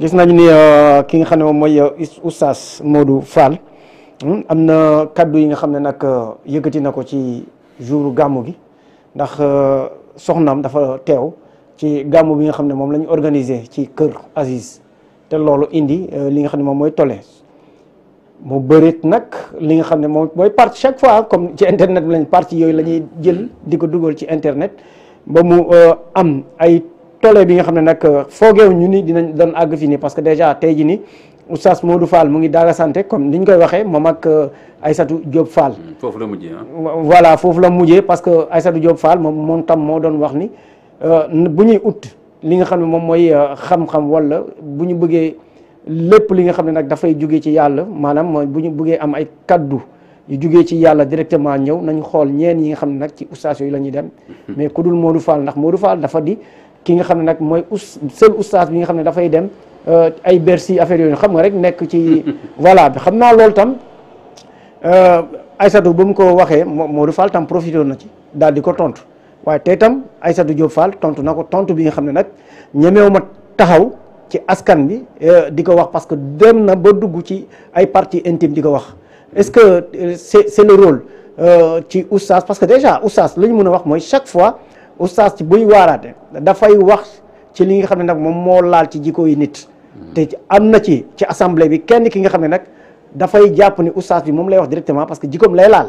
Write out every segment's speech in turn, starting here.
gis nañ ni euh, ki nga xam ne moom mooy euh, oustaz Modou Fall hmm, am na kàddu yi nga xam ne nag euh, yëkkati na ko ci jouru gàmmu gi ndax soxnaam dafa teew ci gàmmu bi nga xam ne moom la ñu ci kër Aziz te loolu indi li nga xam ne moom mooy tole mu bërit nag li nga xam ne moom mooy part chaque fois comme ci internet bi lañ parti yooyu lañuy jël di ko dugal ci internet ba mu am ay tollee bi nga xam ne nag euh, foogeew ñu ni dinañ doon àgg fi nii parce que déjà tey ji ni moo Modou faal mu ngi Daara Santé comme ni ñu koy waxee moom ak euh, Aïssatou Diop Fall. Hmm, foofu la mujjee voilà foofu la mujjee parce que Aïssatou Diop Fall moom moom tam moo doon wax ni euh, bu ñuy ut li nga xam ne moom mooy xam-xam wala bu ñu bëggee lépp li nga xam ne nag dafay jóge ci yàlla maanaam bu ñu bëggee am ay kàddu yu jóge ci yàlla directement ñëw nañu xool ñeen yi nga xam ne nag ci oustaz yooyu la ñuy dem. Hmm. mais ku dul Modou Fall ndax Modou Fall dafa di. ki nga xam ne nag mooy us seul oustaz bi nga xam ne dafay dem euh, ay Bercy affaire yooyu xam nga rek nekk ci voilà xam naa loolu tam euh, Aïssatou ba mu ko waxee Modou Fall tam profité na ci daal di ko tontu waaye tey tam Aïssatou Diop Fall tontu na ko tontu bi nga xam ne nag ñemeewu ma taxaw ci askan bi euh, di ko wax parce que dem na ba dugg ci ay partie intime di ko wax est-ce que c'est c'est le rôle ci oustaz parce que déjà oustaz la ñu mën a wax mooy chaque fois oustaz ci buy waaraate dafay wax ci li nga xam ne nag moom moo laal ci jikko yi nit hmm. te am na ci ci assemblée bi kenn ki nga xam ne nag dafay jàpp ni oustaz bi moom lay wax directement parce que jikkoom lay laal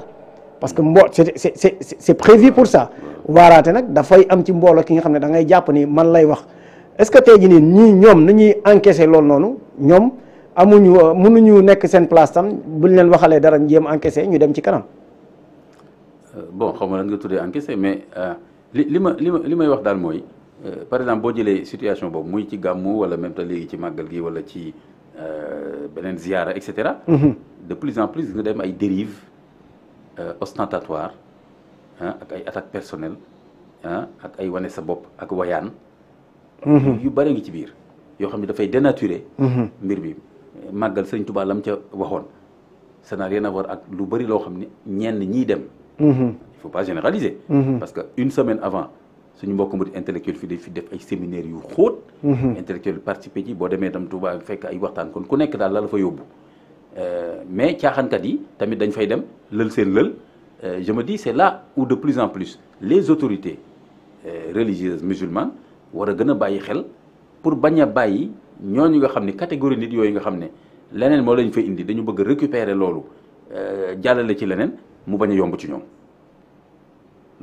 parce que mbo c'est c'est c'est prévu hmm. nag dafay am ci mbooloo ki nga xam ne da ngay jàpp ni man lay wax est-ce que tey jii nii ñii ñoom nu ñuy encaisser loolu noonu ñoom amuñu mënuñu nekk seen place tam buñ leen waxalee dara njéem encaisser ñu dem ci kanam euh, bon xam nga tuddee encaisser mais euh, lima qui ont par exemple gens qui situation des gens ci ont wala même te gi wala euh, mhm. de plus en plus gens dem ay dérives euh, ostentatoires hein, ak attaques personnelles hein, ak ay des sa qui ak des mhm. yu bare ngi ci gens qui ont des gens dénaturer. ont mhm. bi magal qui ont des gens qui ont ça n'a rien à voir ak lu bari lo gens qui ñenn dem faut pas généraliser. Mhm. parce que une semaine avant ce mbokk intellectuel fii fi def ay séminaires yu xóot. Mhm. intellectuel participer ci boo demee dam Touba fekk ay waxtaan kon ku nekk daal la la fa yóbbu euh, mais caaxaankat yi tamit dañ fay dem leul seen leul je me dis c'est là où de plus en plus les autorités euh, religieuses musulmanes wara gëna bayyi xel pour baña bayyi bàyyi ñooñu nga xam catégorie nit yoy nga xam lenen mo lañ fay indi dañu bëgg récupérer euh jàllale ci lenen mu baña yomb ci ñoom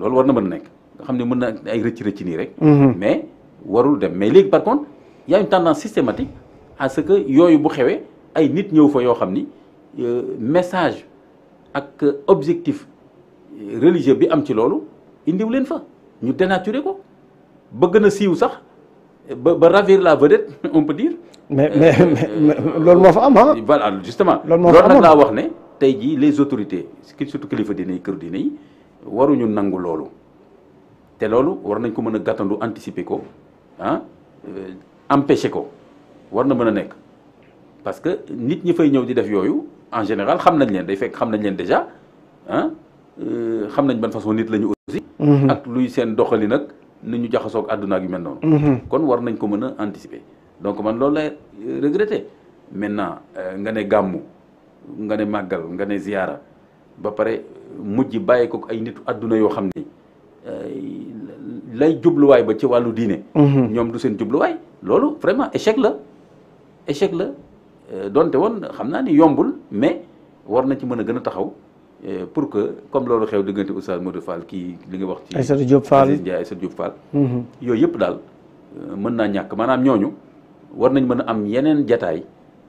loolu war na mën nekk nga xam ne mën na ay rëcc rëcc nii rek. Mhm. mais warul dem mais léegi par contre y a une tendance systématique à ce que yooyu bu xewee ay nit ñëw fa yoo xam ni euh, message ak objectif religieux bi am ci loolu indiw leen fa ñu dénaturer ko bëgg na siiw sax ba ba ravir la vedette on peut dire. Euh, euh, mais mais loolu moo fa am ah. voilà justement loolu nag laa wax ne tey jii les autorités surtout kilifa diine yi kër diine yi. waruñu nangu loolu te loolu war nañ ko mën a gàttandu anticiper ko ah euh, empêcher ko war na mën a nekk parce que nit ñi fay ñëw di def yooyu en général xam nañ leen day fekk xam nañ leen déjà ah euh, xam nañ ban façon nit la ñu aussi mm-hmm. ak luy seen doxali nag ni ñu jaxasoog àdduna gi yu mel noonu mm-hmm. kon war nañ ko mën a anticiper donc man loolu lay euh, regretter maintenant nga ne gàmmu nga ne màggal nga ne ziyaara ba pare mujj bàyyi ko ay nit àdduna yoo xam ni lay jubluwaay ba ci wàllu diine. Mhm. ñoom du seen jubluwaay loolu vraiment échec la échec la euh, donte woon xam naa ni yombul mais war na ci mën a gën a taxaw euh, pour que comme loolu xew diggante Oustaz Modou Fall kii li nga wax. ci Aïssatou Diop Fall Aziz Ndiaye mhm. yooyu yëpp daal euh, mën naa ñàkk maanaam ñooñu war nañ mën a am yeneen jataay.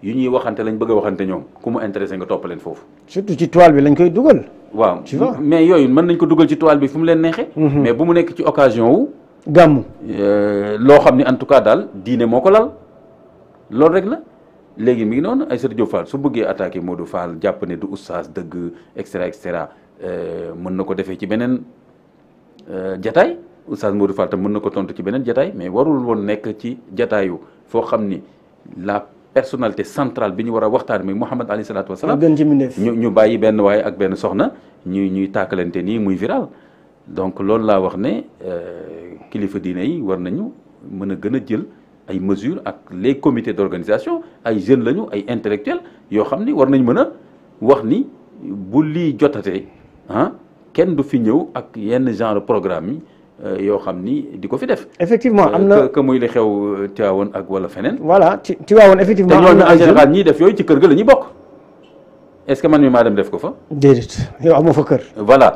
yu ñuy waxante lañ bëgg a waxante ñoom ku mu intéressé nga toppaleen foofu. surtout ci toile bi lañ koy dugal. waaw mais yooyu mën nañ ko dugal ci toile bi fu mu leen neexee. Mhm. mais bu mu nekk ci occasion wu. gàmmu. Euh, loo xam ne en tout cas daal diine moo ko lal loolu rek la léegi mi ngi noonu Aïssatou Diop Fall su bëggee attaque attaqué Modou faal jàpp ne du oustaz dëgg et cetera et euh, mën na ko defee ci beneen euh, jataay oustaz Modou Fall tam mën na ko tontu ci beneen jataay mais warul woon nekk ci jataayu foo xam ni personnalité centrale bi ñu war waxtaan Ali Salatou alayhi ñu ak ben soxna ñuy ñuy viral donc lool l'a wax ne euh, kilifa diine yi war nañu mëna gëna jël ay mesures les comités d'organisation ay jeunes lañu intellectuels yo xamni war nañ wax bu ah, genre programme yoo xam ni di ko fi def. effectivement am na que muy li xew Tiwaawoon ak wala feneen. voilà Tiwaawoon effectivement. am na te ñooñu en général ñiy def yooyu ci kër ga la ñuy bokk est-ce que man mi maa dem def ko fa. déedéet yow amoo fa kër. voilà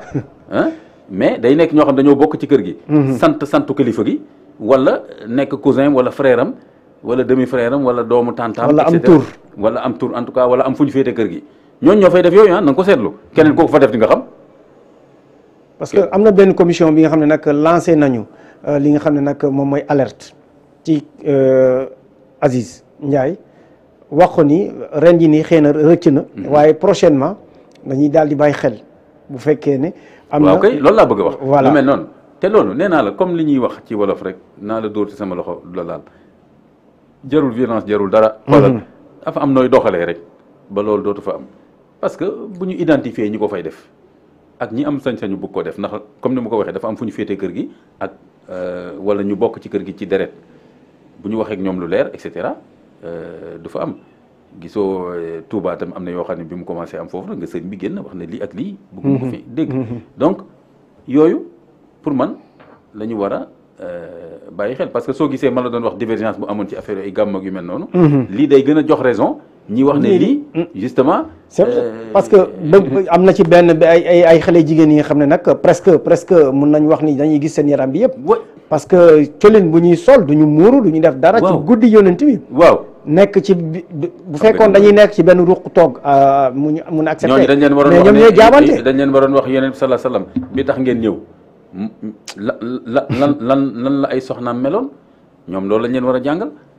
mais day nekk ñoo xam dañoo bokk ci kër gi. sant santu kilifa gi wala nekk cousin wala frère am wala demi frère am wala doomu tantam. wala am tur wala am tur en tout cas wala am fu ñu féete kër gi. ñooñu ñoo fay def yooyu ah na nga ko seetlu keneen koo fa def di nga xam. parce que am na benn commission bi nga xam ne nag lancé nañu euh, li nga xam ne nag moom mooy alerte ci euh, Aziz Ndiaye wax ko ni ren yi nii xëy na rëcc na. Mhm. waaye prochainement dañuy daal di bàyyi xel bu fekkee ne. am na waaw loolu laa bëgg a wax. voilà lu mel noonu te loolu nee la comme li ñuy wax ci wolof rek naa la dóor ci sama loxo la laal jarul violence jarul dara. Mhm. xoolal dafa am nooy doxalee rek ba loolu dootu fa am parce que bu ñu identifier ñu ko fay def. ak ñi am sañ-sañu bu ko def ndax comme ni mu ko waxee dafa am fu ñu féete kër gi ak euh, wala ñu bokk ci kër gi ci deret bu ñu waxee ak ñoom lu leer et cetera euh, du fa am gisoo euh, Touba tam am na yoo xam ne bi mu commencé am foofu nga sëñ bi génn wax ne lii ak lii. bëgg ko fi mm-hmm. dégg. Mm-hmm. donc yooyu pour man la ñu war a bàyyi xel parce que soo gisee ma la doon wax divergence bu amoon ci affaire ay gàmm ak yu mel noonu. Mm-hmm. lii day gën a jox raison ñi wax ne lii mm. justement euh, parce que am na ci benn ay ay ay xale jigéen yi nga xam ne nag presque presque mun nañ wax ni dañuy gis seen yaram bi yëpp parce que colin bu ñuy sol du ñu muuru du ñu def dara ci guddi yonent bi waaw nekk ci bu fekkoon dañuy nekk ci benn ruq toog euh, muñu mun a accepté ñooñu dañ leen waroon wax ñoom ñooy jaabante dañ leen waroon wax yonent bi salaa salaam bi tax ngeen ñëw la la lan lan lan la ay soxnaam meloon ñoom loolu lañ leen war a jàngal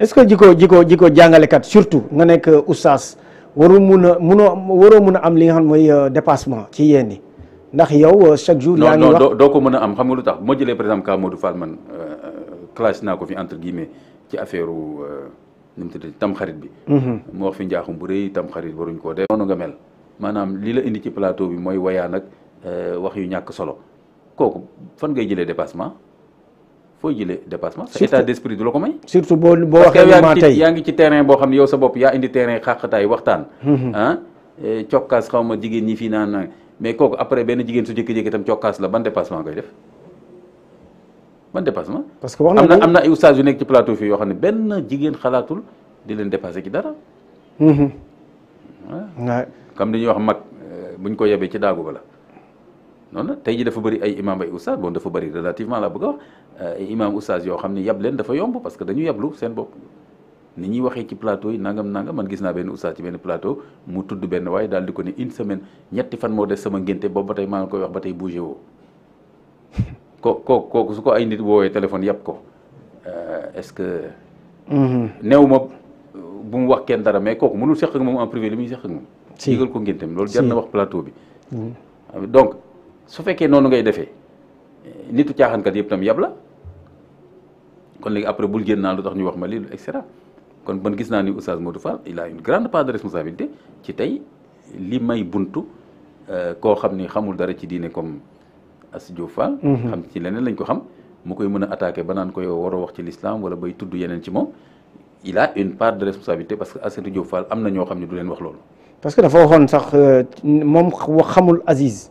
est-ce que jikko jikko jikko jàngalekat surtout nga nekk oustaz waru mun a munoo waroo mun a am li nga xam mooy euh, dépassement ci yéen yi ndax yow euh, chaque jour. yaa doo ko mën a am xam nga lu tax moo jëlee par exemple ka Modou Fall man euh, classe naa ko fi entre guillemets ci affaire nu mu tudd tam xarit bi. Mm-hmm. mu wax fi njaaxum bu rëy tam xarit waruñ koo def. noonu nga mel maanaam li la indi ci plateau bi mooy wayaan ak wax yu ñàkk solo kooku fan ngay jëlee dépassement. foo jëlee dépassement. sa état d'esprit du la ko may. surtout boo boo waxee ma yaa ngi ci terrain boo xam ne yow sa bopp yaa indi terrain xàqataay waxtaan. Mm-hmm. Ah, e cokkaas xaw ma jigéen ñi fii naan mais kooku après benn jigéen su jékki tam itam cokkaas la ban dépassement koy def. ban dépassement. parce que wax nañu am na am na ay oustaz yu nekk ci plateau yoo xam ne benn jigéen xalaatul di leen dépassé ci dara. waaw mm-hmm. ah. comme li ñuy wax mag euh, buñ ko yebee ci daagu ba noonu la tey ji dafa bëri ay imam ay oustaz bon dafa bëri relativement la bëgg wax euh, ay imam yoo xam ne yab leen dafa yomb parce que dañu yablu seen bopp ni ñuy waxee ci plateau yi nangam nangam man gis naa benn oustaz ci benn plateau mu tudd benn waaye daal di ko ne une semaine ñetti fan moo des sama ngénte boobu ba tey maa ngi koy wax ba tey bougé woo kooku su ko ay nit woowee téléphone yab ko euh, est-ce que mm-hmm. néew ma bu mu wax kenn dara mais kooku mënul seq ak moom en privé li ko ngénteem loolu jar na wax plateau bi mm-hmm. donc su fekkee noonu ngay defee nitu caaxaankat yëpp tam yab la kon léegi après bul génn naa lu tax ñu wax ma lii et cetera kon man gis naa ni Oustaz Modou Fall il a une grande part de responsabilité ci tey li may buntu euh, koo xam ni xamul dara ci diine comme Astou Diop mhm. ci leneen lañ ko xam mu koy mën a ba naan koy waroo wax ci l'islam wala bay tudd yeneen ci moom il a une part de parce que Astou Diop Fall am na ñoo xam ne du leen wax parce que dafa waxoon sax euh, moom xamul Aziz.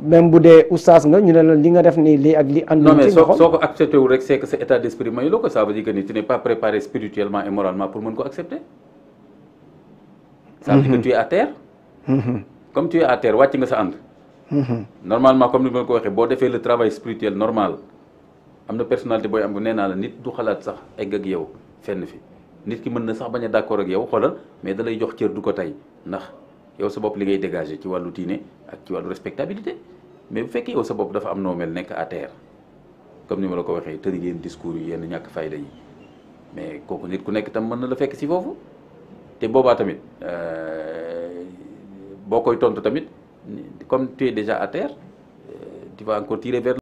même bu dee oustaz nga ñu ne la li nga def ni li ak li ànd non mais soo soo ko rek c'est que sa état d'esprit mayu la ko ça veut dire que ni tu n'es pas préparé spirituellement et moralement pour mën ko accepter. ça veut dire que mm-hmm. tu es à terre. Mm-hmm. comme tu es à terre wacc nga sa ànd. Mm-hmm. normalement comme ni ma ko waxe bo défé le travail spirituel normal amna personnalité boy am bu nee la nit du xalat sax egg ak yow fenn fi nit ki mën na sax baña d'accord ak yow xolal mais da lay jox cër du ko tay ndax yow sa bopp li ngay dégagé ci walu tiné ak ci walu respectabilité mais bu fekkee yow sa bopp dafa am no mel nek à terre comme ni ma la ko waxee tëri ngeen discours yi yenn ñàkk fayda yi mais kooku nit ku nek tam mën na la fekk ci fofu té boobaa tamit euh bokoy tontu tamit comme tu es déjà à terre euh, tu vas encore tirer vers